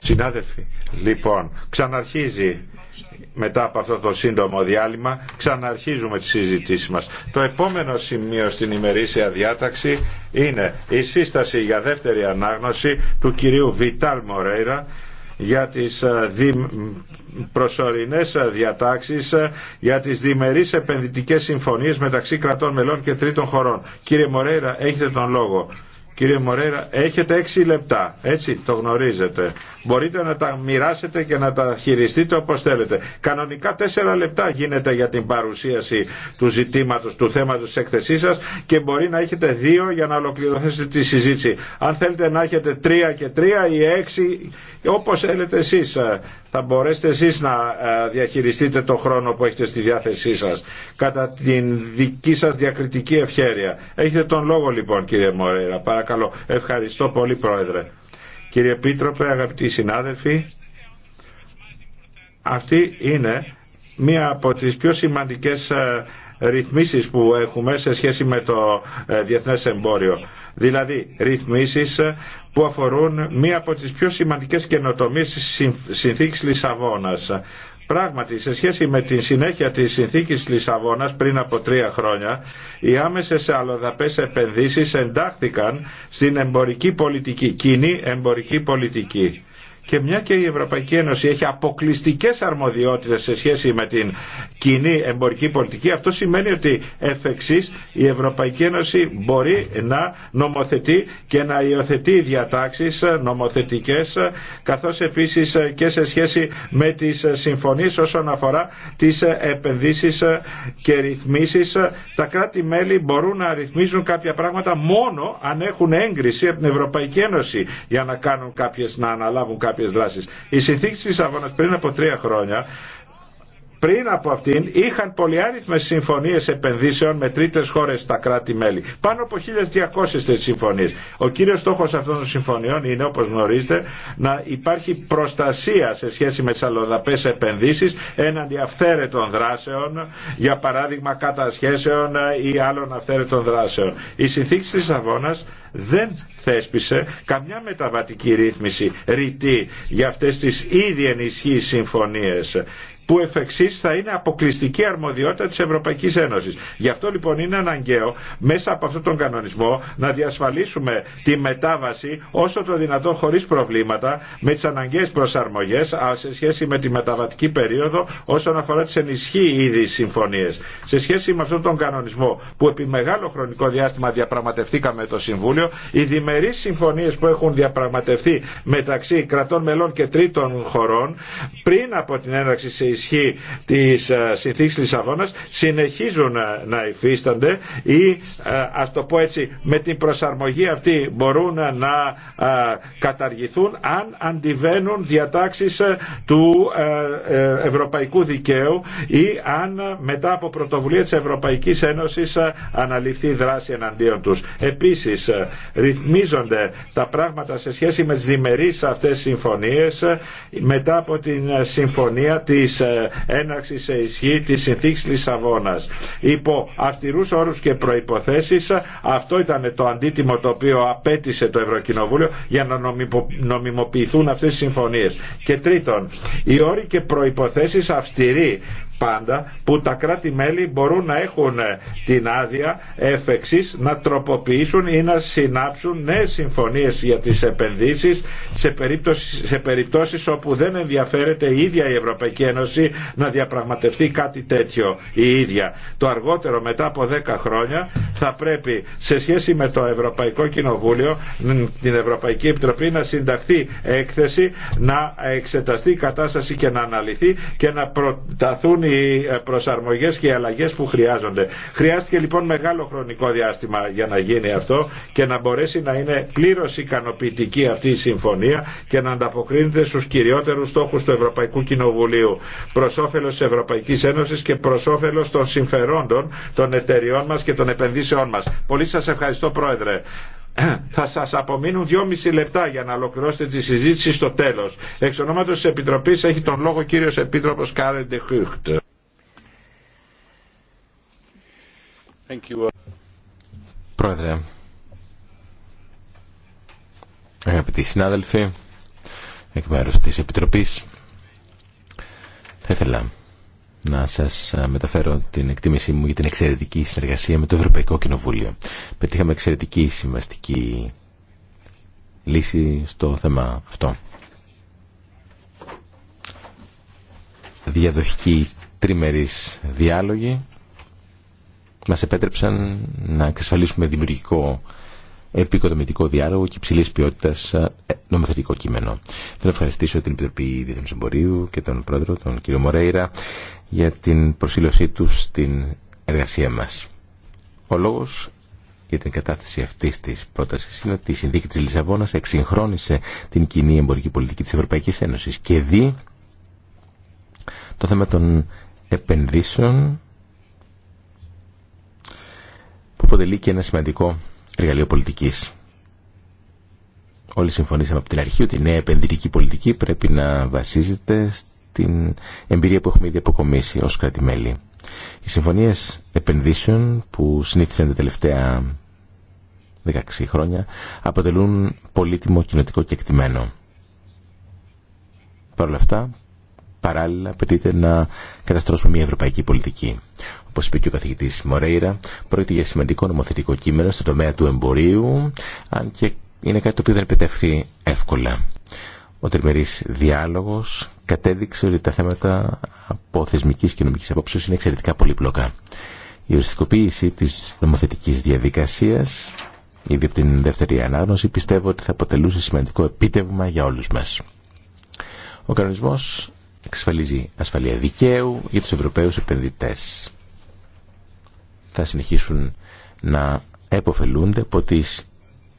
Συνάδελφοι, λοιπόν, ξαναρχίζει μετά από αυτό το σύντομο διάλειμμα, ξαναρχίζουμε τις συζητήσεις μας. Το επόμενο σημείο στην ημερήσια διάταξη είναι η σύσταση για δεύτερη ανάγνωση του κυρίου Βιτάλ Μορέιρα για τις ε, προσωρινές διατάξεις ε, για τις διμερείς επενδυτικές συμφωνίες μεταξύ κρατών μελών και τρίτων χωρών. Κύριε Μορέιρα, έχετε τον λόγο. Κύριε Μορέρα, έχετε έξι λεπτά, έτσι το γνωρίζετε. Μπορείτε να τα μοιράσετε και να τα χειριστείτε όπως θέλετε. Κανονικά τέσσερα λεπτά γίνεται για την παρουσίαση του ζητήματος, του θέματος της έκθεσής σας και μπορεί να έχετε δύο για να ολοκληρωθείτε τη συζήτηση. Αν θέλετε να έχετε τρία και τρία ή έξι, όπως θέλετε εσείς θα μπορέσετε εσείς να ε, διαχειριστείτε το χρόνο που έχετε στη διάθεσή σας κατά την δική σας διακριτική ευχέρεια. Έχετε τον λόγο λοιπόν κύριε Μορέρα. Παρακαλώ. Ευχαριστώ πολύ πρόεδρε. Κύριε Πίτροπε, αγαπητοί συνάδελφοι, αυτή είναι μία από τις πιο σημαντικές ε, ρυθμίσεις που έχουμε σε σχέση με το ε, διεθνές εμπόριο. Δηλαδή ρυθμίσεις ε, που αφορούν μία από τις πιο σημαντικές καινοτομίες της συνθήκης Λισαβόνας. Πράγματι, σε σχέση με την συνέχεια της συνθήκης Λισαβόνας πριν από τρία χρόνια, οι άμεσες αλλοδαπές επενδύσεις εντάχθηκαν στην εμπορική πολιτική, κοινή εμπορική πολιτική. Και μια και η Ευρωπαϊκή Ένωση έχει αποκλειστικέ αρμοδιότητε σε σχέση με την κοινή εμπορική πολιτική, αυτό σημαίνει ότι εφ' εξής η Ευρωπαϊκή Ένωση μπορεί να νομοθετεί και να υιοθετεί διατάξει νομοθετικέ, καθώ επίση και σε σχέση με τι συμφωνίε όσον αφορά τι επενδύσει και ρυθμίσει. Τα κράτη-μέλη μπορούν να ρυθμίζουν κάποια πράγματα μόνο αν έχουν έγκριση από την Ευρωπαϊκή Ένωση για να κάνουν κάποιες, να αναλάβουν κάποιε κάποιες δράσεις. Η συνθήκη της Αβώνας πριν από τρία χρόνια πριν από αυτήν είχαν πολυάριθμες συμφωνίες επενδύσεων με τρίτες χώρες στα κράτη-μέλη. Πάνω από 1.200 τις συμφωνίες. Ο κύριος στόχος αυτών των συμφωνιών είναι, όπως γνωρίζετε, να υπάρχει προστασία σε σχέση με τις αλλοδαπές επενδύσεις έναντι αυθαίρετων δράσεων, για παράδειγμα κατασχέσεων ή άλλων αυθαίρετων δράσεων. Η συνθήκη της Σαββόνας δεν θέσπισε καμιά μεταβατική ρύθμιση ρητή για αυτές τις ήδη ενισχύει συμφωνίες που εφ' εξής θα είναι αποκλειστική αρμοδιότητα της Ευρωπαϊκής Ένωσης. Γι' αυτό λοιπόν είναι αναγκαίο μέσα από αυτόν τον κανονισμό να διασφαλίσουμε τη μετάβαση όσο το δυνατόν χωρίς προβλήματα με τις αναγκαίες προσαρμογές σε σχέση με τη μεταβατική περίοδο όσον αφορά τις ενισχύει ήδη συμφωνίες. Σε σχέση με αυτόν τον κανονισμό που επί μεγάλο χρονικό διάστημα διαπραγματευτήκαμε το Συμβούλιο, οι διμερείς συμφωνίες που έχουν διαπραγματευτεί μεταξύ κρατών μελών και τρίτων χωρών πριν από την έναρξη ισχύ της ε, συνθήκης Λισαβόνας συνεχίζουν ε, να υφίστανται ή ε, ας το πω έτσι με την προσαρμογή αυτή μπορούν να καταργηθούν αν αντιβαίνουν διατάξεις του ευρωπαϊκού δικαίου ή αν μετά από πρωτοβουλία της Ευρωπαϊκής Ένωσης αναλυφθεί δράση εναντίον τους. Επίσης ρυθμίζονται τα πράγματα σε σχέση με τις διμερείς αυτές συμφωνίες μετά από την συμφωνία της Έναρξη σε ισχύ τη συνθήκη Λισαβόνα. Υπό αυστηρού όρου και προϋποθέσεις αυτό ήταν το αντίτιμο το οποίο απέτησε το Ευρωκοινοβούλιο για να νομιμοποιηθούν αυτές οι συμφωνίες. Και τρίτον, οι όροι και προϋποθέσεις αυστηροί πάντα που τα κράτη-μέλη μπορούν να έχουν ε, την άδεια εφ' να τροποποιήσουν ή να συνάψουν νέες συμφωνίες για τις επενδύσεις σε, περίπτωσεις, περιπτώσεις όπου δεν ενδιαφέρεται η ίδια η Ευρωπαϊκή Ένωση να διαπραγματευτεί κάτι τέτοιο η ίδια. Το αργότερο μετά από 10 χρόνια θα πρέπει σε σχέση με το Ευρωπαϊκό Κοινοβούλιο την Ευρωπαϊκή Επιτροπή να συνταχθεί έκθεση να εξεταστεί η κατάσταση και να αναλυθεί και να προταθούν οι ε, προσαρμογές και οι αλλαγές που χρειάζονται. Χρειάστηκε λοιπόν μεγάλο χρονικό διάστημα για να γίνει αυτό και να μπορέσει να είναι πλήρως ικανοποιητική αυτή η συμφωνία και να ανταποκρίνεται στους κυριότερους στόχους του Ευρωπαϊκού Κοινοβουλίου προς όφελος της Ευρωπαϊκής Ένωσης και προς όφελος των συμφερόντων των εταιριών μας και των επενδύσεών μας. Πολύ σας ευχαριστώ Πρόεδρε. θα σας απομείνουν δυόμιση λεπτά για να ολοκληρώσετε τη συζήτηση στο τέλος. Εξ ονόματο τη Επιτροπής έχει τον λόγο κύριος Επίτροπος Κάρεν Χούχτ. Πρόεδρε, αγαπητοί συνάδελφοι, εκ μέρου τη Επιτροπής, θα ήθελα να σας ε, μεταφέρω την εκτίμησή μου για την εξαιρετική συνεργασία με το Ευρωπαϊκό Κοινοβούλιο. Πετύχαμε εξαιρετική συμβαστική λύση στο θέμα αυτό. Διαδοχικοί τριμερής διάλογοι μας επέτρεψαν να εξασφαλίσουμε δημιουργικό επικοδομητικό διάλογο και υψηλή ποιότητα ε, νομοθετικό κείμενο. Θέλω να ευχαριστήσω την Επιτροπή Διεθνού Εμπορίου και τον πρόεδρο, τον κύριο Μορέιρα, για την προσήλωσή τους στην εργασία μας. Ο λόγος για την κατάθεση αυτή τη πρόταση είναι ότι η συνθήκη τη Λισαβόνα εξυγχρόνισε την κοινή εμπορική πολιτική τη Ευρωπαϊκή Ένωση και δει το θέμα των επενδύσεων που αποτελεί και ένα σημαντικό εργαλείο πολιτική. Όλοι συμφωνήσαμε από την αρχή ότι η νέα επενδυτική πολιτική πρέπει να βασίζεται την εμπειρία που έχουμε ήδη αποκομίσει ως κρατημέλη. Οι συμφωνίες επενδύσεων που συνήθισαν τα τελευταία 16 χρόνια αποτελούν πολύτιμο κοινοτικό κεκτημένο. Παρ' όλα αυτά, παράλληλα απαιτείται να καταστρώσουμε μια ευρωπαϊκή πολιτική. Όπω είπε και ο καθηγητή Μορέιρα, πρόκειται για σημαντικό νομοθετικό κείμενο στον τομέα του εμπορίου, αν και είναι κάτι το οποίο δεν επιτεύχθη εύκολα. Ο τριμερής διάλογος κατέδειξε ότι τα θέματα από θεσμικής και νομικής απόψεως είναι εξαιρετικά πολύπλοκα. Η οριστικοποίηση της νομοθετικής διαδικασίας, ήδη από την δεύτερη ανάγνωση, πιστεύω ότι θα αποτελούσε σημαντικό επίτευγμα για όλους μας. Ο κανονισμός εξασφαλίζει ασφαλεία δικαίου για τους Ευρωπαίους επενδυτές. Θα συνεχίσουν να εποφελούνται από τις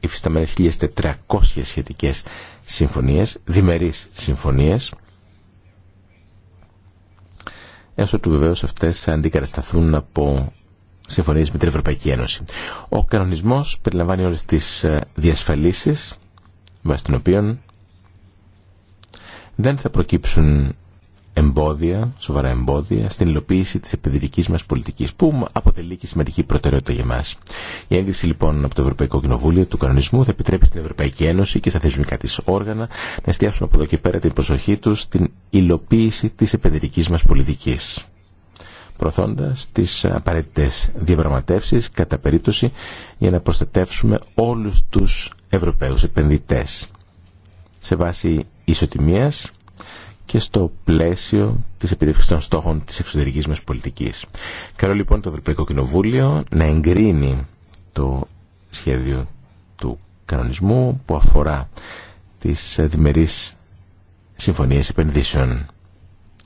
υφισταμένες 1.400 σχετικές συμφωνίες, διμερείς συμφωνίες, Έστω του βεβαίω αυτές αντικατασταθούν από συμφωνίες με την Ευρωπαϊκή Ένωση. Ο κανονισμός περιλαμβάνει όλες τις ε, διασφαλίσεις, βάσει των οποίων δεν θα προκύψουν εμπόδια, σοβαρά εμπόδια στην υλοποίηση τη επενδυτικής μα πολιτική που αποτελεί και σημαντική προτεραιότητα για μα. Η έγκριση λοιπόν από το Ευρωπαϊκό Κοινοβούλιο του κανονισμού θα επιτρέπει στην Ευρωπαϊκή Ένωση και στα θεσμικά τη όργανα να εστιάσουν από εδώ και πέρα την προσοχή του στην υλοποίηση τη επενδυτική μα πολιτική. προωθώντας τις απαραίτητες διαπραγματεύσεις κατά περίπτωση για να προστατεύσουμε όλους τους Ευρωπαίους επενδυτέ. Σε βάση ισοτιμίας και στο πλαίσιο τη επιτεύξης των στόχων τη εξωτερική μα πολιτικής. Καλό λοιπόν το Ευρωπαϊκό Κοινοβούλιο να εγκρίνει το σχέδιο του κανονισμού που αφορά τις διμερεί συμφωνίες επενδύσεων.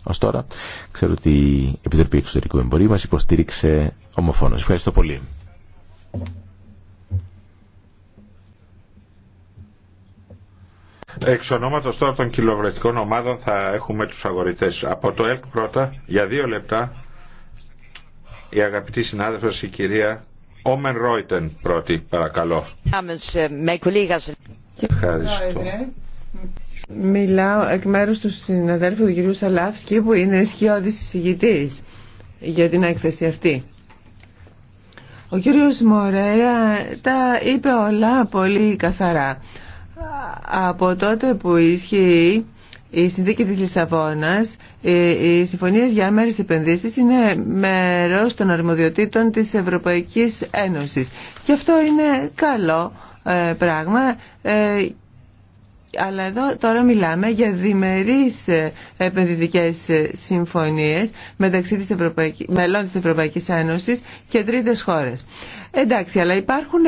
Ω τώρα, ξέρω ότι η Επιτροπή Εξωτερικού Εμπορίου μα υποστήριξε ομοφόνος. Ευχαριστώ πολύ. Εξ ονόματος τώρα των κυλοβρετικών ομάδων θα έχουμε τους αγορητές. Από το ΕΛΚ πρώτα, για δύο λεπτά, η αγαπητή συνάδελφος η κυρία Όμεν Ρόιτεν πρώτη, παρακαλώ. Ευχαριστώ. Μιλάω εκ μέρους του συναδέλφου του κυρίου Σαλάφσκη που είναι τη εισηγητής για την έκθεση αυτή. Ο κύριος Μορέρα τα είπε όλα πολύ καθαρά. Από τότε που ισχύει η συνθήκη της Λισαβόνας, οι συμφωνίες για μέρες επενδύσεις είναι μέρος των αρμοδιοτήτων της Ευρωπαϊκής Ένωσης. Και αυτό είναι καλό ε, πράγμα ε, αλλά εδώ τώρα μιλάμε για διμερείς ε, επενδυτικές συμφωνίες μεταξύ της Ευρωπαϊκής, μελών της Ευρωπαϊκής Ένωσης και τρίτες χώρες. Εντάξει, αλλά υπάρχουν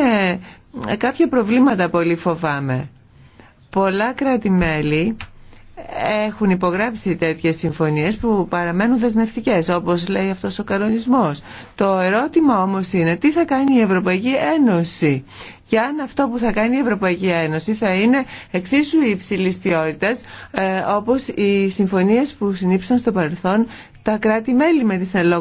κάποια προβλήματα πολύ φοβάμαι. Πολλά κράτη-μέλη έχουν υπογράψει τέτοιες συμφωνίες που παραμένουν δεσμευτικές όπως λέει αυτός ο κανονισμός. Το ερώτημα όμως είναι τι θα κάνει η Ευρωπαϊκή Ένωση και αν αυτό που θα κάνει η Ευρωπαϊκή Ένωση θα είναι εξίσου υψηλής ποιότητας ε, όπως οι συμφωνίες που συνήψαν στο παρελθόν τα κράτη-μέλη με τις εν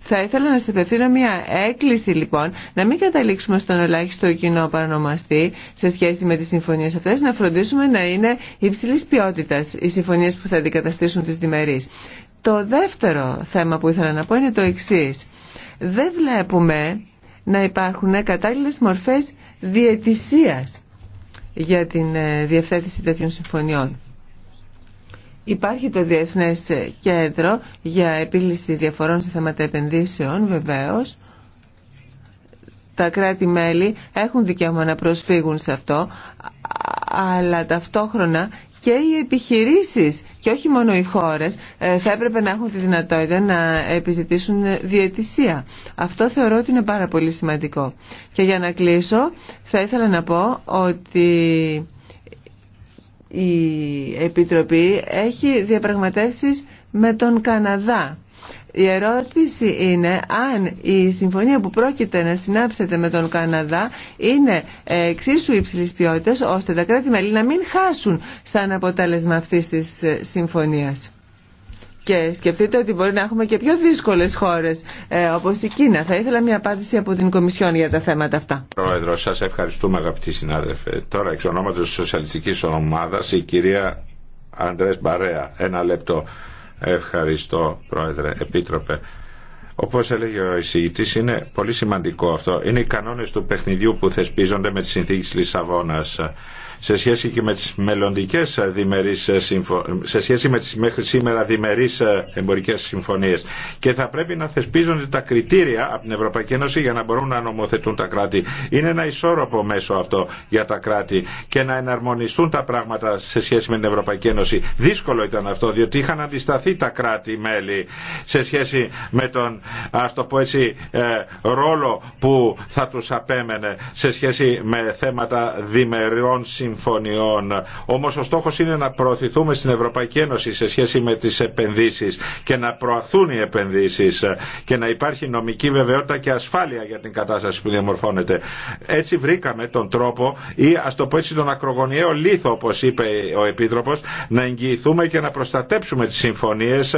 Θα ήθελα να σας απευθύνω μια έκκληση λοιπόν να μην καταλήξουμε στον ελάχιστο κοινό παρανομαστή σε σχέση με τις συμφωνίες αυτές, να φροντίσουμε να είναι υψηλής ποιότητας οι συμφωνίες που θα αντικαταστήσουν τις διμερείς. Το δεύτερο θέμα που ήθελα να πω είναι το εξή. Δεν βλέπουμε να υπάρχουν κατάλληλες μορφές διαιτησίας για την ε, διευθέτηση τέτοιων συμφωνιών. Υπάρχει το Διεθνές Κέντρο για επίλυση διαφορών σε θέματα επενδύσεων, βεβαίως. Τα κράτη-μέλη έχουν δικαίωμα να προσφύγουν σε αυτό, αλλά ταυτόχρονα και οι επιχειρήσεις και όχι μόνο οι χώρες ε, θα έπρεπε να έχουν τη δυνατότητα να επιζητήσουν διαιτησία. Αυτό θεωρώ ότι είναι πάρα πολύ σημαντικό. Και για να κλείσω θα ήθελα να πω ότι η Επιτροπή έχει διαπραγματεύσεις με τον Καναδά. Η ερώτηση είναι αν η συμφωνία που πρόκειται να συνάψετε με τον Καναδά είναι εξίσου υψηλή ποιότητα ώστε τα κράτη-μέλη να μην χάσουν σαν αποτέλεσμα αυτής της συμφωνίας. Και σκεφτείτε ότι μπορεί να έχουμε και πιο δύσκολε χώρε ε, όπω η Κίνα. Θα ήθελα μια απάντηση από την Κομισιόν για τα θέματα αυτά. Πρόεδρο, σα ευχαριστούμε αγαπητοί συνάδελφοι. Τώρα εξ ονόματο τη Σοσιαλιστική Ομάδα η κυρία Αντρέ Μπαρέα. Ένα λεπτό. Ευχαριστώ, Πρόεδρε, Επίτροπε. Όπω έλεγε ο εισηγητή, είναι πολύ σημαντικό αυτό. Είναι οι κανόνε του παιχνιδιού που θεσπίζονται με τι συνθήκε Λισαβόνα σε σχέση και με τις μελλοντικές διμερείς ε, σε σχέση με τις μέχρι σήμερα διμερείς ε, εμπορικές συμφωνίες και θα πρέπει να θεσπίζονται τα κριτήρια από την Ευρωπαϊκή Ένωση για να μπορούν να νομοθετούν τα κράτη. Είναι ένα ισόρροπο μέσο αυτό για τα κράτη και να εναρμονιστούν τα πράγματα σε σχέση με την Ευρωπαϊκή Ένωση. Δύσκολο ήταν αυτό διότι είχαν αντισταθεί τα κράτη-μέλη σε σχέση με τον ας το πω ε, ρόλο που θα τους απέμενε σε σχέση με θέματα διμεριών συμφωνίων συμφωνιών. Όμως ο στόχος είναι να προωθηθούμε στην Ευρωπαϊκή Ένωση σε σχέση με τις επενδύσεις και να προαθούν οι επενδύσεις και να υπάρχει νομική βεβαιότητα και ασφάλεια για την κατάσταση που διαμορφώνεται. Έτσι βρήκαμε τον τρόπο ή ας το πω έτσι τον ακρογωνιαίο λίθο όπως είπε ο Επίτροπος να εγγυηθούμε και να προστατέψουμε τις συμφωνίες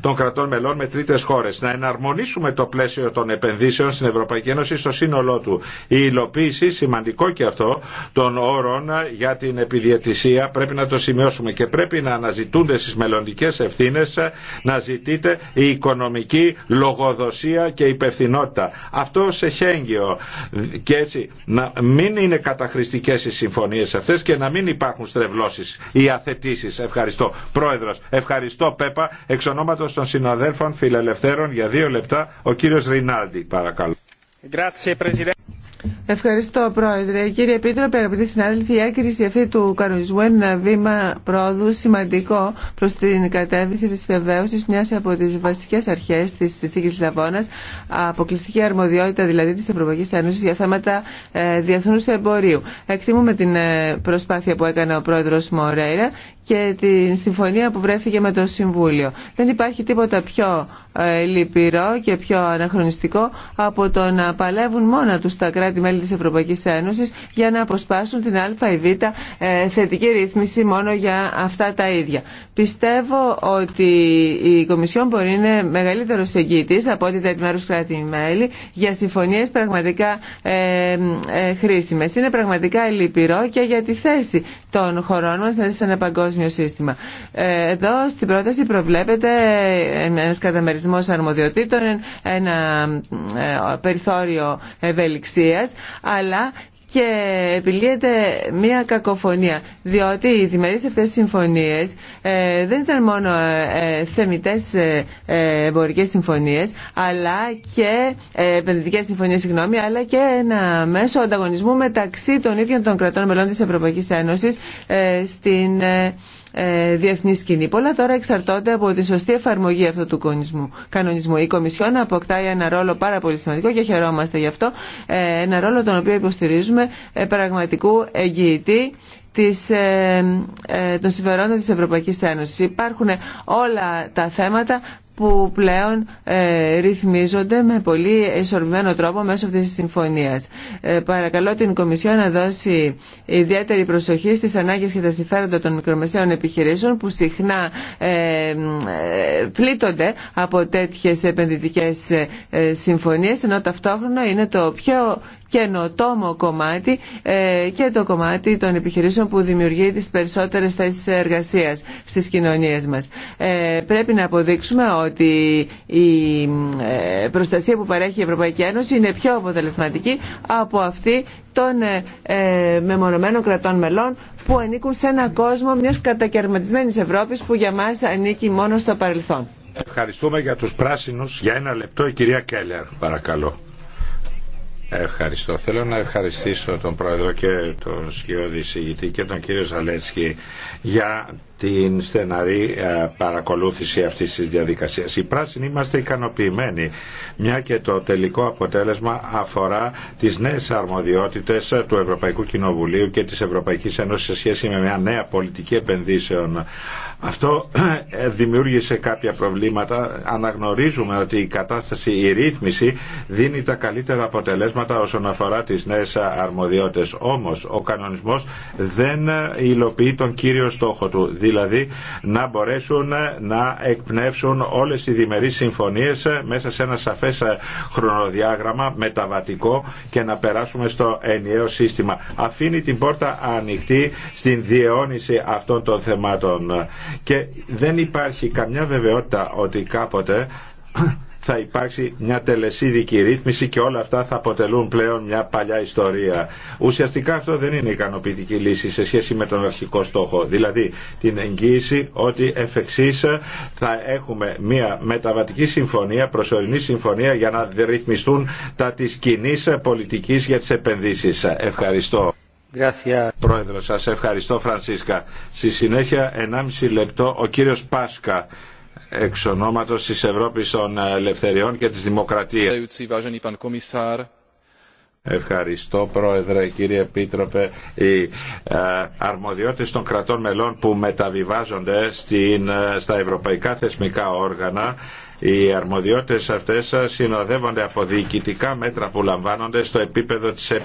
των κρατών μελών με τρίτες χώρες. Να εναρμονίσουμε το πλαίσιο των επενδύσεων στην Ευρωπαϊκή Ένωση στο σύνολό του. Η υλοποίηση, σημαντικό και αυτό, των όρων για την επιδιαιτησία πρέπει να το σημειώσουμε και πρέπει να αναζητούνται στις μελλοντικέ ευθύνε να ζητείτε η οικονομική λογοδοσία και υπευθυνότητα. Αυτό σε χέγγιο και έτσι να μην είναι καταχρηστικές οι συμφωνίες αυτές και να μην υπάρχουν στρεβλώσεις ή αθετήσεις. Ευχαριστώ. Πρόεδρος, ευχαριστώ Πέπα. Εξ ονόματος των συναδέλφων φιλελευθέρων για δύο λεπτά ο κύριος Ρινάλντι παρακαλώ. Ευχαριστώ, Πρόεδρε. Κύριε Επίτροπε, αγαπητοί συνάδελφοι, η άκρηση αυτή του κανονισμού είναι ένα βήμα πρόοδου σημαντικό προ την κατεύθυνση τη βεβαίωση μια από τι βασικέ αρχέ τη συνθήκη Λισαβόνα, αποκλειστική αρμοδιότητα δηλαδή τη Ευρωπαϊκή Ένωση για θέματα ε, διεθνού εμπορίου. Εκτιμούμε την ε, προσπάθεια που έκανε ο Πρόεδρο Μορέιρα και την συμφωνία που βρέθηκε με το Συμβούλιο. Δεν υπάρχει τίποτα πιο ε, λυπηρό και πιο αναχρονιστικό από το να παλεύουν μόνα του τα κράτη-μέλη Τη της Ένωσης για να αποσπάσουν την α ή β ε, θετική ρύθμιση μόνο για αυτά τα ίδια. Πιστεύω ότι η Κομισιόν μπορεί να είναι μεγαλύτερο εγγύητης από ό,τι τα επιμέρους κράτη-μέλη για συμφωνίες εγγυητης απο οτι τα επιμέρου κρατη μελη για συμφωνίε πραγματικα ε, ε, χρήσιμες. Είναι πραγματικά λυπηρό και για τη θέση των χωρών μας μέσα σε ένα παγκόσμιο σύστημα. Ε, εδώ στην πρόταση προβλέπεται ένα καταμερισμό αρμοδιοτήτων, ένα περιθώριο ευελιξία αλλά και επιλύεται μία κακοφωνία. Διότι οι διμερείς αυτές συμφωνίες ε, δεν ήταν μόνο ε, θεμητές ε, ε, εμπορικές συμφωνίες, αλλά και ε, επενδυτικές συμφωνίες, συγγνώμη, αλλά και ένα μέσο ανταγωνισμού μεταξύ των ίδιων των κρατών μελών της Ευρωπαϊκής Ένωσης ε, στην ε, διεθνή σκηνή. Πολλά τώρα εξαρτώνται από τη σωστή εφαρμογή αυτού του κανονισμού. Η Κομισιόν αποκτάει ένα ρόλο πάρα πολύ σημαντικό και χαιρόμαστε γι' αυτό. Ε, ένα ρόλο τον οποίο υποστηρίζουμε ε, πραγματικού εγγυητή της, των συμφερόντων της Ευρωπαϊκής Ένωσης. Υπάρχουν όλα τα θέματα που πλέον ε, ρυθμίζονται με πολύ εσωρμένο τρόπο μέσω αυτής της συμφωνίας. Ε, παρακαλώ την Κομισιό να δώσει ιδιαίτερη προσοχή στις ανάγκες και τα συμφέροντα των μικρομεσαίων επιχειρήσεων που συχνά ε, πλήττονται από τέτοιες επενδυτικές συμφωνίες ενώ ταυτόχρονα είναι το πιο καινοτόμο κομμάτι ε, και το κομμάτι των επιχειρήσεων που δημιουργεί τις περισσότερες θέσεις εργασίας στις κοινωνίες μας. Ε, πρέπει να αποδείξουμε ότι η ε, προστασία που παρέχει η Ευρωπαϊκή Ένωση είναι πιο αποτελεσματική από αυτή των μεμονωμένων κρατών μελών που ανήκουν σε ένα κόσμο μιας κατακαιρματισμένης Ευρώπης που για μας ανήκει μόνο στο παρελθόν. Ευχαριστούμε για τους πράσινους. Για ένα λεπτό η κυρία Κέλλερ, παρακαλώ. Ευχαριστώ. Θέλω να ευχαριστήσω τον Πρόεδρο και τον Σκιώδη Συγητή και τον κύριο Ζαλέτσκι για την στεναρή ε, παρακολούθηση αυτής της διαδικασίας. Οι πράσινοι είμαστε ικανοποιημένοι, μια και το τελικό αποτέλεσμα αφορά τις νέες αρμοδιότητες του Ευρωπαϊκού Κοινοβουλίου και της Ευρωπαϊκής Ένωσης σε σχέση με μια νέα πολιτική επενδύσεων. Αυτό ε, δημιούργησε κάποια προβλήματα. Αναγνωρίζουμε ότι η κατάσταση, η ρύθμιση δίνει τα καλύτερα αποτελέσματα όσον αφορά τις νέες αρμοδιότητες. Όμως ο κανονισμός δεν ε, υλοποιεί τον κύριο στόχο του, δηλαδή να μπορέσουν ε, να εκπνεύσουν όλες οι διμερείς συμφωνίες μέσα σε ένα σαφές χρονοδιάγραμμα μεταβατικό και να περάσουμε στο ενιαίο σύστημα. Αφήνει την πόρτα ανοιχτή στην διαιώνιση αυτών των θεμάτων και δεν υπάρχει καμιά βεβαιότητα ότι κάποτε θα υπάρξει μια τελεσίδικη ρύθμιση και όλα αυτά θα αποτελούν πλέον μια παλιά ιστορία. Ουσιαστικά αυτό δεν είναι ικανοποιητική λύση σε σχέση με τον αρχικό στόχο. Δηλαδή την εγγύηση ότι εφ' εξής θα έχουμε μια μεταβατική συμφωνία, προσωρινή συμφωνία για να ρυθμιστούν τα της κοινή πολιτικής για τις επενδύσεις. Ευχαριστώ. Gracias. Πρόεδρο, ευχαριστώ Φρανσίσκα. Στη συνέχεια 1,5 λεπτό ο κύριος Πάσκα εξ ονόματος της Ευρώπης των Ελευθεριών και της Δημοκρατίας. Ευχαριστώ Πρόεδρε, κύριε Επίτροπε. Οι ε, αρμοδιότητες των κρατών μελών που μεταβιβάζονται στην, ε, στα ευρωπαϊκά θεσμικά όργανα οι αρμοδιότητες αυτές συνοδεύονται από διοικητικά μέτρα που λαμβάνονται στο επίπεδο της ΕΕ,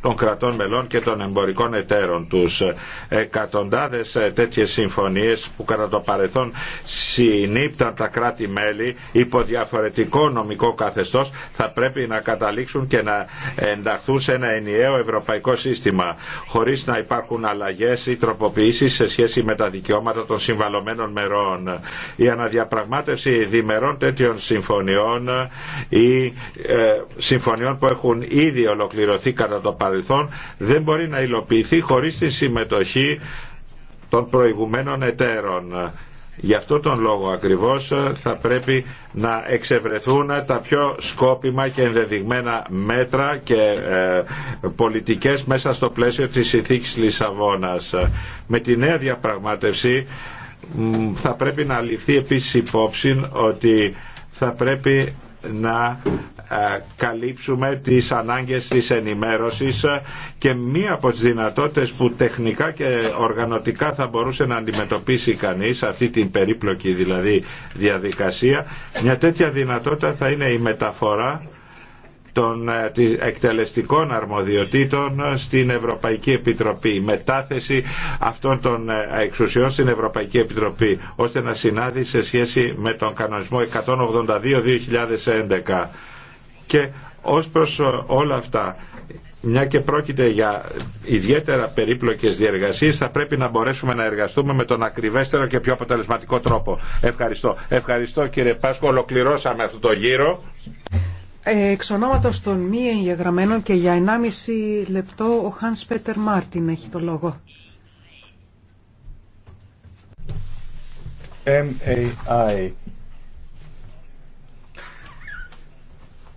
των κρατών μελών και των εμπορικών εταίρων τους. Εκατοντάδες ε, τέτοιες συμφωνίες που κατά το παρελθόν συνήπταν τα κράτη-μέλη υπό διαφορετικό νομικό καθεστώς θα πρέπει να καταλήξουν και να ενταχθούν σε ένα ενιαίο ευρωπαϊκό σύστημα χωρίς να υπάρχουν αλλαγές ή τροποποιήσεις σε σχέση με τα δικαιώματα των συμβαλωμένων μερών. Η αναδιαπραγμάτευση διμερών τέτοιων συμφωνιών ή ε, συμφωνιών που έχουν ήδη ολοκληρωθεί κατά το παρελθόν δεν μπορεί να υλοποιηθεί χωρίς τη συμμετοχή των προηγουμένων εταίρων. Γι' αυτό τον λόγο ακριβώς θα πρέπει να εξευρεθούν τα πιο σκόπιμα και ενδεδειγμένα μέτρα και ε, πολιτικές μέσα στο πλαίσιο της συνθήκης Λισαβόνας. Με τη νέα διαπραγμάτευση θα πρέπει να ληφθεί επίσης υπόψη ότι θα πρέπει να καλύψουμε τις ανάγκες της ενημέρωσης και μία από τις δυνατότητες που τεχνικά και οργανωτικά θα μπορούσε να αντιμετωπίσει κανείς αυτή την περίπλοκη δηλαδή διαδικασία μια τέτοια δυνατότητα θα είναι η μεταφορά των ε, εκτελεστικών αρμοδιοτήτων στην Ευρωπαϊκή Επιτροπή. Μετάθεση αυτών των ε, εξουσιών στην Ευρωπαϊκή Επιτροπή ώστε να συνάδει σε σχέση με τον κανονισμό 182-2011. Και ως προς ε, όλα αυτά μια και πρόκειται για ιδιαίτερα περίπλοκες διεργασίες θα πρέπει να μπορέσουμε να εργαστούμε με τον ακριβέστερο και πιο αποτελεσματικό τρόπο. Ευχαριστώ. Ευχαριστώ κύριε Πάσκο. Ολοκληρώσαμε αυτό το γύρο. Εξ ονόματος των μη εγγεγραμμένων και για 1,5 λεπτό ο Χάνς Πέτερ Μάρτιν έχει το λόγο. I.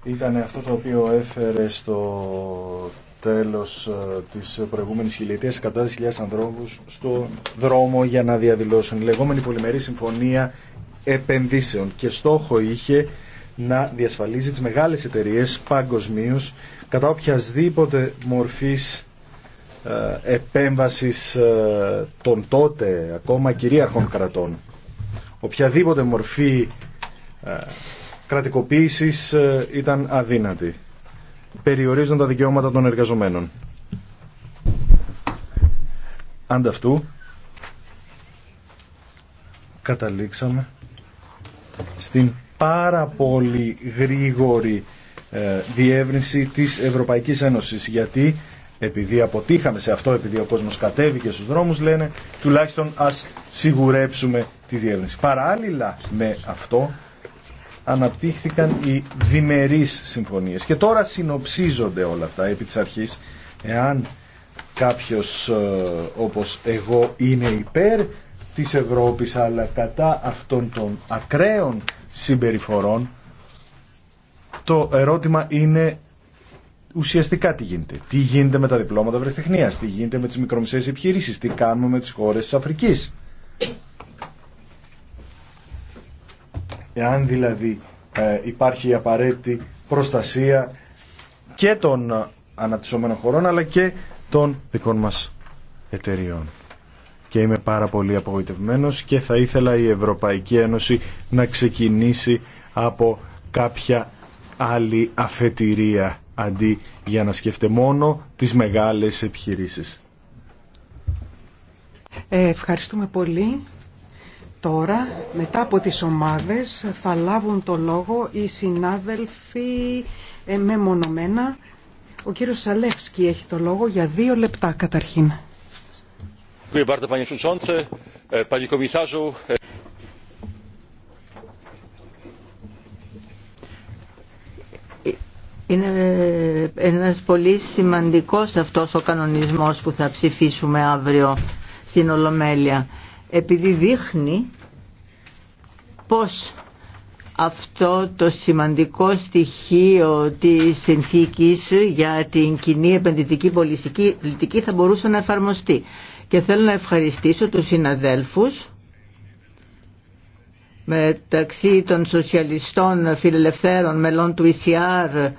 ήταν αυτό το οποίο έφερε στο τέλος ε, της προηγούμενης χιλιετίας εκατοντάδες χιλιάδες ανθρώπους στο δρόμο για να διαδηλώσουν. Η λεγόμενη πολυμερή συμφωνία επενδύσεων και στόχο είχε να διασφαλίζει τις μεγάλες εταιρείες παγκοσμίω κατά οποιασδήποτε μορφής ε, επέμβασης ε, των τότε ακόμα κυρίαρχων κρατών. Οποιαδήποτε μορφή ε, κρατικοποίησης ήταν αδύνατη. Περιορίζουν τα δικαιώματα των εργαζομένων. Ανταυτού καταλήξαμε στην πάρα πολύ γρήγορη ε, διεύρυνση της Ευρωπαϊκής Ένωσης γιατί επειδή αποτύχαμε σε αυτό, επειδή ο κόσμος κατέβηκε στους δρόμους, λένε τουλάχιστον ας σιγουρέψουμε τη διεύρυνση. Παράλληλα με αυτό αναπτύχθηκαν οι διμερείς συμφωνίες. Και τώρα συνοψίζονται όλα αυτά επί της αρχής. Εάν κάποιος ε, όπως εγώ είναι υπέρ της Ευρώπης αλλά κατά αυτών των ακραίων συμπεριφορών, το ερώτημα είναι ουσιαστικά τι γίνεται. Τι γίνεται με τα διπλώματα βρεστεχνία, τι γίνεται με τι μικρομεσαίε επιχειρήσει, τι κάνουμε με τι χώρε τη Αφρική. Εάν δηλαδή ε, υπάρχει η απαραίτητη προστασία και των ε, αναπτυσσόμενων χωρών αλλά και των δικών μας εταιριών και είμαι πάρα πολύ απογοητευμένος και θα ήθελα η Ευρωπαϊκή Ένωση να ξεκινήσει από κάποια άλλη αφετηρία αντί για να σκέφτε μόνο τις μεγάλες επιχειρήσεις. Ε, ευχαριστούμε πολύ. Τώρα, μετά από τις ομάδες, θα λάβουν το λόγο οι συνάδελφοι με μεμονωμένα. Ο κύριος Σαλεύσκη έχει το λόγο για δύο λεπτά καταρχήν. E, e, είναι ε, ένας πολύ σημαντικός αυτός ο κανονισμό που θα ψηφίσουμε αύριο στην Ολομέλεια επειδή δείχνει πώ αυτό το σημαντικό στοιχείο τη συνθήκης για την κοινή επενδυτική πολιτική θα μπορούσε να εφαρμοστεί και θέλω να ευχαριστήσω τους συναδέλφους μεταξύ των σοσιαλιστών φιλελευθέρων μελών του ECR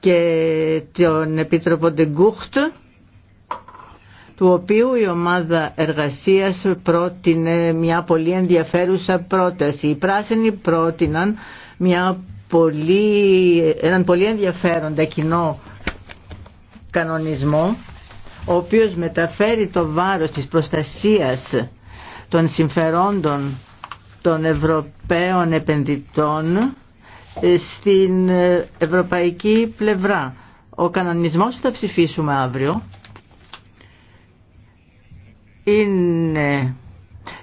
και τον Επίτροπο Ντεγκούχτ του οποίου η ομάδα εργασίας πρότεινε μια πολύ ενδιαφέρουσα πρόταση. Οι πράσινοι πρότειναν μια πολύ, έναν πολύ ενδιαφέροντα κοινό κανονισμό ο οποίος μεταφέρει το βάρος της προστασίας των συμφερόντων των Ευρωπαίων επενδυτών ε, στην ε, ευρωπαϊκή πλευρά. Ο κανονισμός που θα ψηφίσουμε αύριο είναι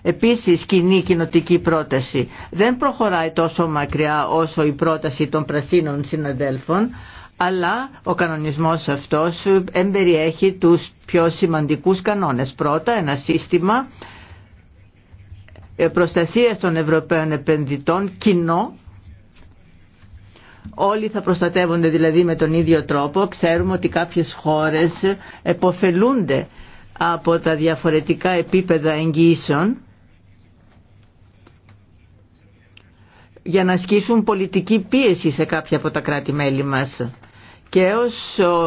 επίσης κοινή κοινοτική πρόταση. Δεν προχωράει τόσο μακριά όσο η πρόταση των πρασίνων συναδέλφων, αλλά ο κανονισμός αυτός εμπεριέχει τους πιο σημαντικούς κανόνες. Πρώτα, ένα σύστημα προστασίας των Ευρωπαίων επενδυτών κοινό Όλοι θα προστατεύονται δηλαδή με τον ίδιο τρόπο. Ξέρουμε ότι κάποιες χώρες εποφελούνται από τα διαφορετικά επίπεδα εγγύησεων για να ασκήσουν πολιτική πίεση σε κάποια από τα κράτη-μέλη μας και όσο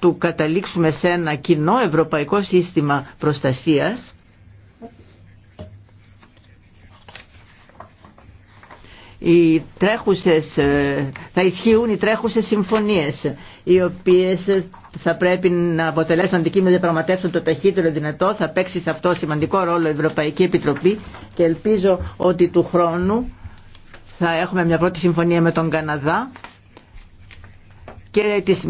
του καταλήξουμε σε ένα κοινό ευρωπαϊκό σύστημα προστασίας οι τρέχουσες, ε, θα ισχύουν οι τρέχουσες συμφωνίες οι οποίες θα πρέπει να αποτελέσουν αντικείμενο διαπραγματεύσεων το ταχύτερο δυνατό θα παίξει σε αυτό σημαντικό ρόλο η Ευρωπαϊκή Επιτροπή και ελπίζω ότι του χρόνου θα έχουμε μια πρώτη συμφωνία με τον Καναδά και τις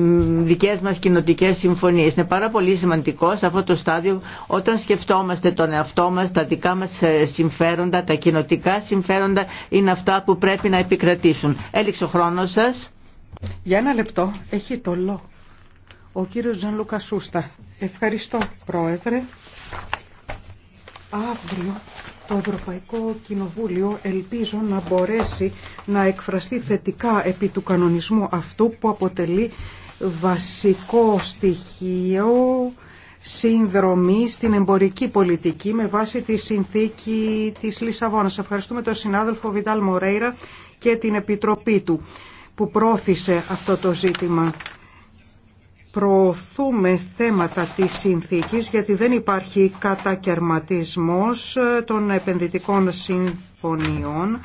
δικές μας κοινοτικέ συμφωνίες. Είναι πάρα πολύ σημαντικό σε αυτό το στάδιο όταν σκεφτόμαστε τον εαυτό μας, τα δικά μας ε, συμφέροντα, τα κοινοτικά συμφέροντα είναι αυτά που πρέπει να επικρατήσουν. Έληξε ο χρόνος σας. Για ένα λεπτό έχει το λό. Ο κύριος Ζαν Ευχαριστώ πρόεδρε. Αύριο το Ευρωπαϊκό Κοινοβούλιο ελπίζω να μπορέσει να εκφραστεί θετικά επί του κανονισμού αυτού που αποτελεί βασικό στοιχείο συνδρομή στην εμπορική πολιτική με βάση τη συνθήκη της Λισαβόνας. Ευχαριστούμε τον συνάδελφο Βιντάλ Μορέιρα και την Επιτροπή του που πρόθυσε αυτό το ζήτημα προωθούμε θέματα της συνθήκης γιατί δεν υπάρχει κατακαιρματισμός ε, των επενδυτικών συμφωνιών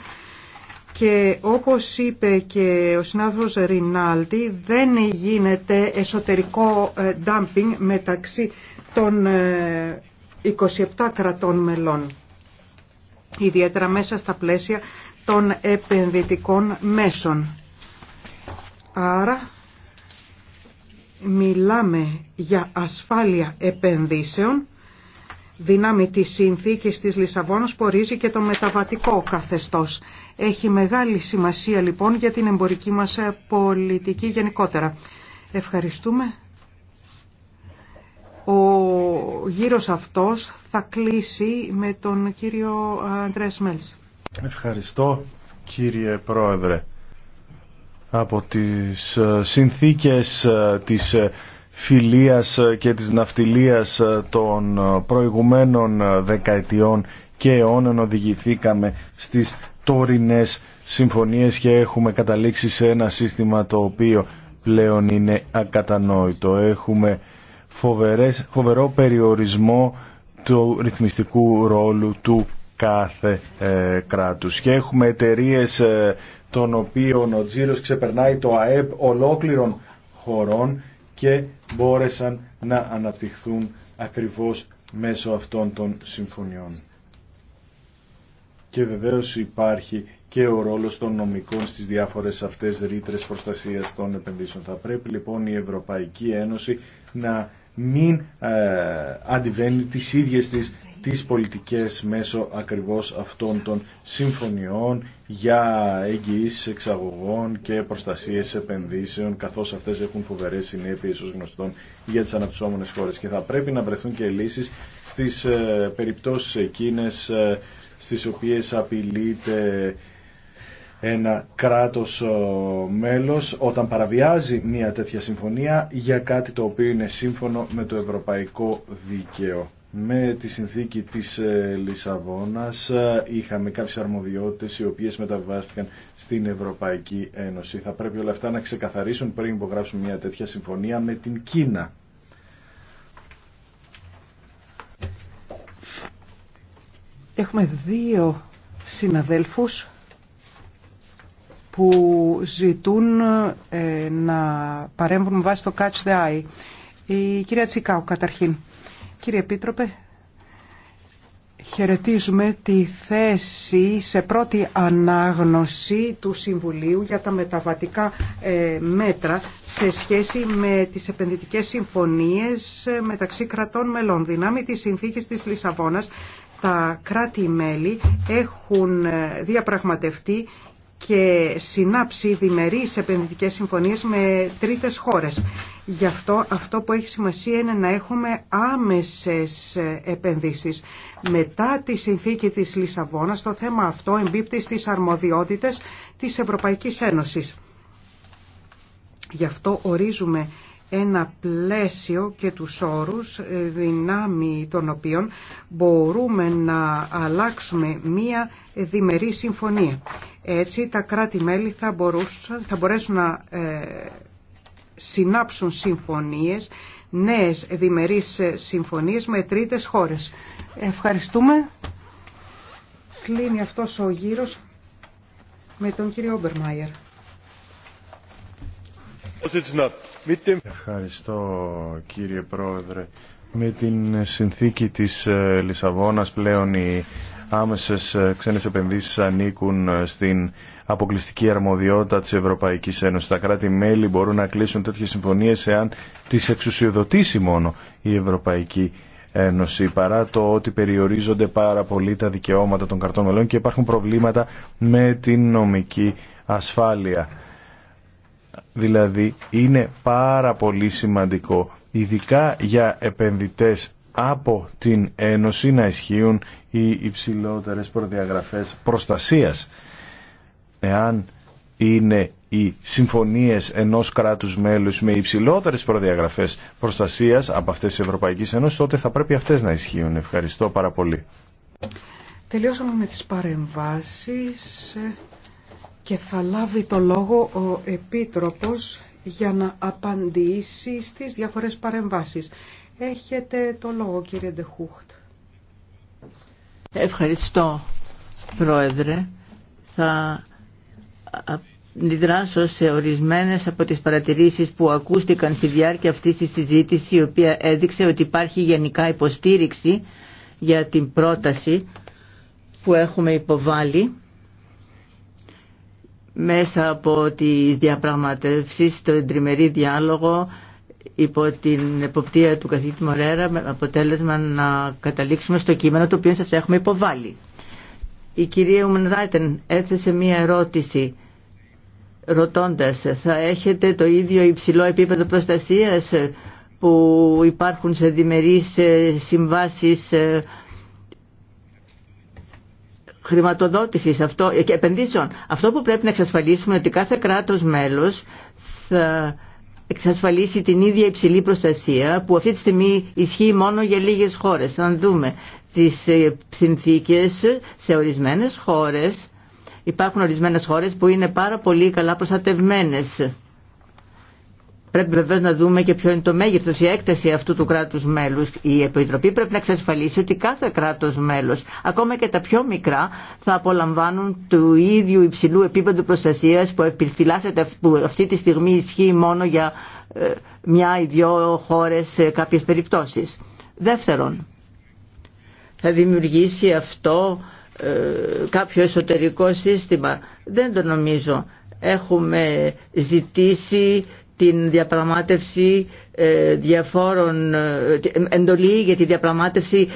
και όπως είπε και ο συνάδελφος Ρινάλτη δεν γίνεται εσωτερικό ε, dumping μεταξύ των 27 ε, κρατών μελών ιδιαίτερα μέσα στα πλαίσια των επενδυτικών μέσων. Άρα μιλάμε για ασφάλεια επενδύσεων, δυνάμει της συνθήκης της Λισαβόνας που και το μεταβατικό καθεστώς. Έχει μεγάλη σημασία λοιπόν για την εμπορική μας ε, πολιτική γενικότερα. Ευχαριστούμε. Ο γύρος αυτός θα κλείσει με τον κύριο Αντρέα Μέλς. Ευχαριστώ κύριε Πρόεδρε από τις ε, συνθήκες ε, της ε, φιλίας και της ναυτιλίας των προηγουμένων δεκαετιών και αιώνων οδηγηθήκαμε στις τωρινές συμφωνίες και έχουμε καταλήξει σε ένα σύστημα το οποίο πλέον είναι ακατανόητο. Έχουμε φοβερές, φοβερό περιορισμό του ρυθμιστικού ρόλου του κάθε κράτους και έχουμε εταιρείες τον οποίο ο τζίρος ξεπερνάει το ΑΕΠ ολόκληρων χωρών και μπόρεσαν να αναπτυχθούν ακριβώς μέσω αυτών των συμφωνιών. Και βεβαίως υπάρχει και ο ρόλος των νομικών στις διάφορες αυτές ρήτρες προστασίας των επενδύσεων. Θα πρέπει λοιπόν η Ευρωπαϊκή Ένωση να μην ε, αντιβαίνει τις ίδιες τις, τις πολιτικές μέσω ακριβώς αυτών των συμφωνιών για εγγυήσεις εξαγωγών και προστασίες επενδύσεων καθώς αυτές έχουν φοβερές συνέπειες ως γνωστόν για τις αναπτυσσόμενες χώρες και θα πρέπει να βρεθούν και λύσεις στις ε, περιπτώσεις εκείνες ε, στις οποίες απειλείται ένα κράτος μέλος όταν παραβιάζει μια τέτοια συμφωνία για κάτι το οποίο είναι σύμφωνο με το ευρωπαϊκό δίκαιο. Με τη συνθήκη της ε, Λισαβόνας ε, είχαμε κάποιες αρμοδιότητες οι οποίες μεταβάστηκαν στην Ευρωπαϊκή Ένωση. Θα πρέπει όλα αυτά να ξεκαθαρίσουν πριν υπογράψουμε μια τέτοια συμφωνία με την Κίνα. Έχουμε δύο συναδέλφους που ζητούν ε, να παρέμβουν βάσει βάση το Catch the Eye. Η κυρία Τσικάου καταρχήν. Κύριε Επίτροπε, χαιρετίζουμε τη θέση σε πρώτη ανάγνωση του Συμβουλίου για τα μεταβατικά ε, μέτρα σε σχέση με τις επενδυτικές συμφωνίες ε, μεταξύ κρατών μελών. Δυνάμει της συνθήκης της Λισαβόνας, τα κράτη-μέλη έχουν διαπραγματευτεί και συνάψει διμερείς επενδυτικές συμφωνίες με τρίτες χώρες. Γι' αυτό αυτό που έχει σημασία είναι να έχουμε άμεσες επενδύσεις. Μετά τη συνθήκη της Λισαβόνας το θέμα αυτό εμπίπτει στις αρμοδιότητες της Ευρωπαϊκής Ένωσης. Γι' αυτό ορίζουμε ένα πλαίσιο και τους όρους ε, δυνάμει των οποίων μπορούμε να αλλάξουμε μία διμερή συμφωνία. Έτσι τα κράτη-μέλη θα, θα μπορέσουν να ε, συνάψουν συμφωνίες, νέες διμερείς ε, συμφωνίες με τρίτες χώρες. Ευχαριστούμε. Κλείνει αυτός ο γύρος με τον κύριο Όμπερμαϊερ. Ευχαριστώ κύριε Πρόεδρε. Με την συνθήκη της ε, Λισαβόνας πλέον οι άμεσες ε, ξένες επενδύσεις ανήκουν ε, στην αποκλειστική αρμοδιότητα της Ευρωπαϊκής Ένωσης. Τα κράτη-μέλη μπορούν να κλείσουν τέτοιες συμφωνίες εάν τις εξουσιοδοτήσει μόνο η Ευρωπαϊκή Ένωση παρά το ότι περιορίζονται πάρα πολύ τα δικαιώματα των καρτών μελών και υπάρχουν προβλήματα με την νομική ασφάλεια δηλαδή είναι πάρα πολύ σημαντικό ειδικά για επενδυτές από την Ένωση να ισχύουν οι υψηλότερες προδιαγραφές προστασίας. Εάν είναι οι συμφωνίες ενός κράτους μέλους με υψηλότερες προδιαγραφές προστασίας από αυτές της Ευρωπαϊκής Ένωσης, τότε θα πρέπει αυτές να ισχύουν. Ευχαριστώ πάρα πολύ. Τελειώσαμε με τις παρεμβάσεις και θα λάβει το λόγο ο Επίτροπος για να απαντήσει στις διαφορές παρεμβάσεις. Έχετε το λόγο κύριε Ντεχούχτ. Ευχαριστώ Πρόεδρε. Θα αντιδράσω σε ορισμένες από τις παρατηρήσεις που ακούστηκαν στη διάρκεια αυτής της συζήτησης η οποία έδειξε ότι υπάρχει γενικά υποστήριξη για την πρόταση που έχουμε υποβάλει μέσα από τις διαπραγματεύσεις, το τριμερή διάλογο υπό την εποπτεία του καθηγητή Μορέρα με αποτέλεσμα να καταλήξουμε στο κείμενο το οποίο σας έχουμε υποβάλει. Η κυρία Ράιτεν έθεσε μία ερώτηση ρωτώντας θα έχετε το ίδιο υψηλό επίπεδο προστασίας που υπάρχουν σε διμερείς ε, συμβάσεις ε, χρηματοδότησης αυτό, ε, και επενδύσεων. Αυτό που πρέπει να εξασφαλίσουμε είναι ότι κάθε κράτος μέλος θα εξασφαλίσει την ίδια υψηλή προστασία που αυτή τη στιγμή ισχύει μόνο για λίγες χώρες. Να δούμε τις ε, συνθήκες σε ορισμένες χώρες. Υπάρχουν ορισμένες χώρες που είναι πάρα πολύ καλά προστατευμένες Πρέπει βεβαίω να δούμε και ποιο είναι το μέγεθο, η έκταση αυτού του κράτου μέλου. Η Επιτροπή πρέπει να εξασφαλίσει ότι κάθε κράτο μέλο, ακόμα και τα πιο μικρά, θα απολαμβάνουν του ίδιου υψηλού επίπεδου προστασία που επιφυλάσσεται, που αυτή τη στιγμή ισχύει μόνο για ε, μια ή δυο χώρε σε κάποιε περιπτώσει. Δεύτερον, θα δημιουργήσει αυτό ε, κάποιο εσωτερικό σύστημα. Δεν το νομίζω. Έχουμε ζητήσει την διαπραγμάτευση ε, διαφόρων ε, ε, εντολή για τη διαπραγμάτευση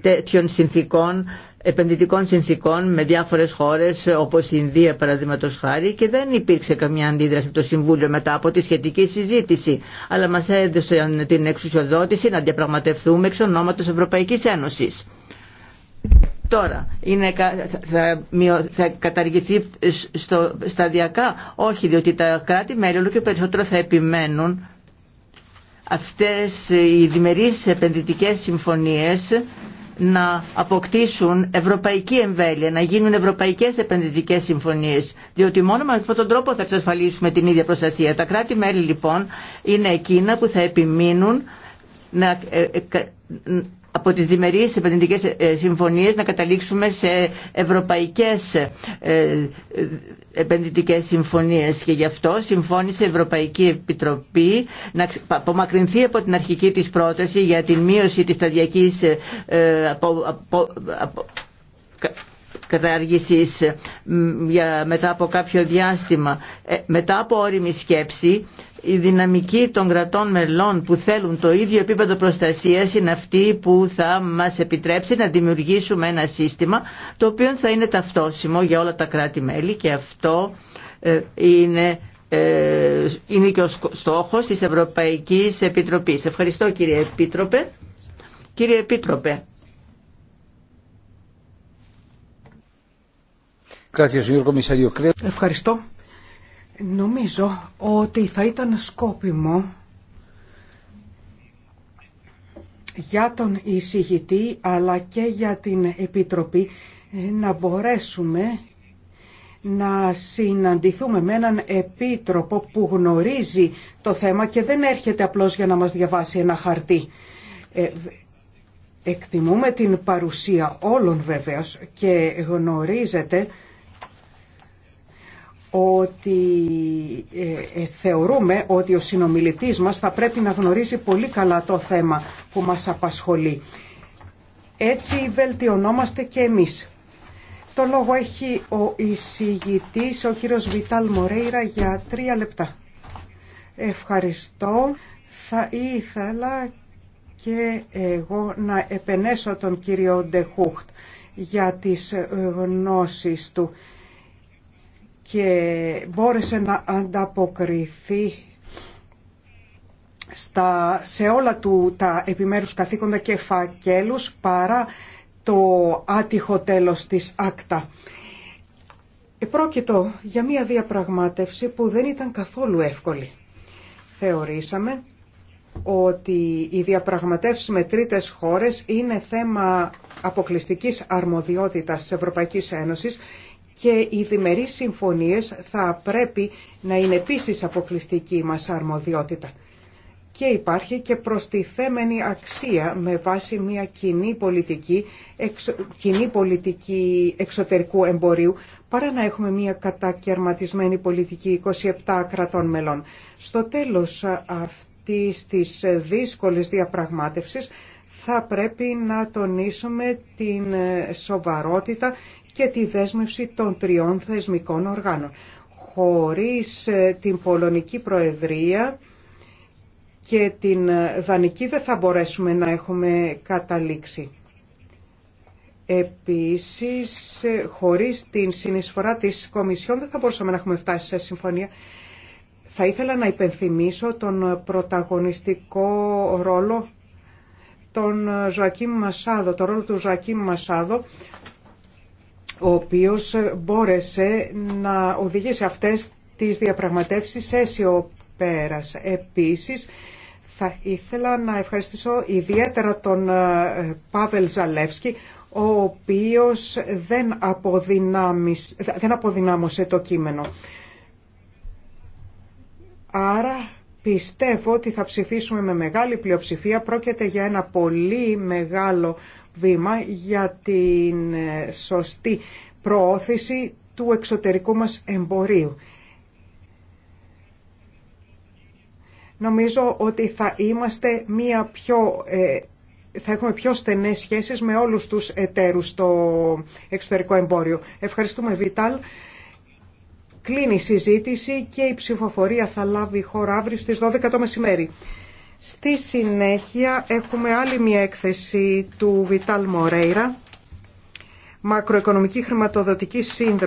τέτοιων συνθήκων επενδυτικών συνθήκων με διάφορες χώρες όπως η Ινδία παραδείγματος χάρη και δεν υπήρξε καμία αντίδραση από το Συμβούλιο μετά από τη σχετική συζήτηση αλλά μας έδωσαν την εξουσιοδότηση να διαπραγματευτούμε εξ ονόματος Ευρωπαϊκής Ένωσης. Τώρα, είναι, θα, καταργηθεί στο, σταδιακά. Όχι, διότι τα κράτη-μέλη όλο και περισσότερο θα επιμένουν αυτές οι διμερείς επενδυτικές συμφωνίες να αποκτήσουν ευρωπαϊκή εμβέλεια, να γίνουν ευρωπαϊκές επενδυτικές συμφωνίες. Διότι μόνο με αυτόν τον τρόπο θα εξασφαλίσουμε την ίδια προστασία. Τα κράτη-μέλη λοιπόν είναι εκείνα που θα επιμείνουν να ε, ε, από τις διμερείς επενδυτικές ε, συμφωνίες να καταλήξουμε σε ευρωπαϊκές ε, ε, επενδυτικές συμφωνίες και γι' αυτό συμφώνησε η Ευρωπαϊκή Επιτροπή να απομακρυνθεί από την αρχική της πρόταση για την μείωση της σταδιακής κατάργησης μετά από κάποιο διάστημα. Ε, μετά από όριμη σκέψη, η δυναμική των κρατών μελών που θέλουν το ίδιο επίπεδο προστασίας είναι αυτή που θα μας επιτρέψει να δημιουργήσουμε ένα σύστημα το οποίο θα είναι ταυτόσιμο για όλα τα κράτη-μέλη και αυτό ε, είναι ε, είναι και ο στόχος της Ευρωπαϊκής Επιτροπής. Ευχαριστώ κύριε Επίτροπε. Κύριε Επίτροπε, Ευχαριστώ. Νομίζω ότι θα ήταν σκόπιμο για τον εισηγητή αλλά και για την Επιτροπή ε, να μπορέσουμε να συναντηθούμε με έναν επίτροπο που γνωρίζει το θέμα και δεν έρχεται απλώς για να μας διαβάσει ένα χαρτί. Ε, εκτιμούμε την παρουσία όλων βεβαίως και γνωρίζετε ότι ε, ε, θεωρούμε ότι ο συνομιλητής μας θα πρέπει να γνωρίζει πολύ καλά το θέμα που μας απασχολεί. Έτσι βελτιωνόμαστε και εμείς. Το λόγο έχει ο εισηγητής, ο κύριος Βιτάλ Μορέιρα, για τρία λεπτά. Ευχαριστώ. Θα ήθελα και εγώ να επενέσω τον κύριο Ντεχούχτ για τις γνώσεις του και μπόρεσε να ανταποκριθεί στα, σε όλα του τα επιμέρους καθήκοντα και φακέλους παρά το άτυχο τέλος της άκτα. Επρόκειτο για μια διαπραγμάτευση που δεν ήταν καθόλου εύκολη. Θεωρήσαμε ότι η διαπραγματεύσεις με τρίτες χώρες είναι θέμα αποκλειστικής αρμοδιότητας της Ευρωπαϊκής Ένωσης και οι διμερείς συμφωνίες θα πρέπει να είναι επίσης αποκλειστική μας αρμοδιότητα. Και υπάρχει και προστιθέμενη αξία με βάση μια κοινή πολιτική, πολιτική εξωτερικού εμπορίου παρά να έχουμε μια κατακαιρματισμένη πολιτική 27 κρατών μελών. Στο τέλος αυτής της δύσκολης διαπραγμάτευσης θα πρέπει να τονίσουμε την σοβαρότητα και τη δέσμευση των τριών θεσμικών οργάνων. Χωρίς ε, την Πολωνική Προεδρία και την ε, Δανική δεν θα μπορέσουμε να έχουμε καταλήξει. Επίσης, ε, χωρίς την συνεισφορά της Κομισιόν δεν θα μπορούσαμε να έχουμε φτάσει σε συμφωνία. Θα ήθελα να υπενθυμίσω τον πρωταγωνιστικό ρόλο τον Ζωακίμ Μασάδο, τον ρόλο του Ζωακίμ Μασάδο ο οποίος μπόρεσε να οδηγήσει αυτές τις διαπραγματεύσεις σε αίσιο πέρας. Επίσης, θα ήθελα να ευχαριστήσω ιδιαίτερα τον ε, Πάβελ Ζαλεύσκη, ο οποίος δεν, δεν αποδυνάμωσε το κείμενο. Άρα πιστεύω ότι θα ψηφίσουμε με μεγάλη πλειοψηφία. Πρόκειται για ένα πολύ μεγάλο βήμα για την ε, σωστή προώθηση του εξωτερικού μας εμπορίου. Νομίζω ότι θα είμαστε μία πιο ε, θα έχουμε πιο στενές σχέσεις με όλους τους εταίρους στο εξωτερικό εμπόριο. Ευχαριστούμε Βιτάλ. Κλείνει η συζήτηση και η ψηφοφορία θα λάβει χώρα αύριο στις 12 το μεσημέρι. Στη συνέχεια έχουμε άλλη μια έκθεση του Βιτάλ Μορέιρα, μακροοικονομική χρηματοδοτική σύνδεση.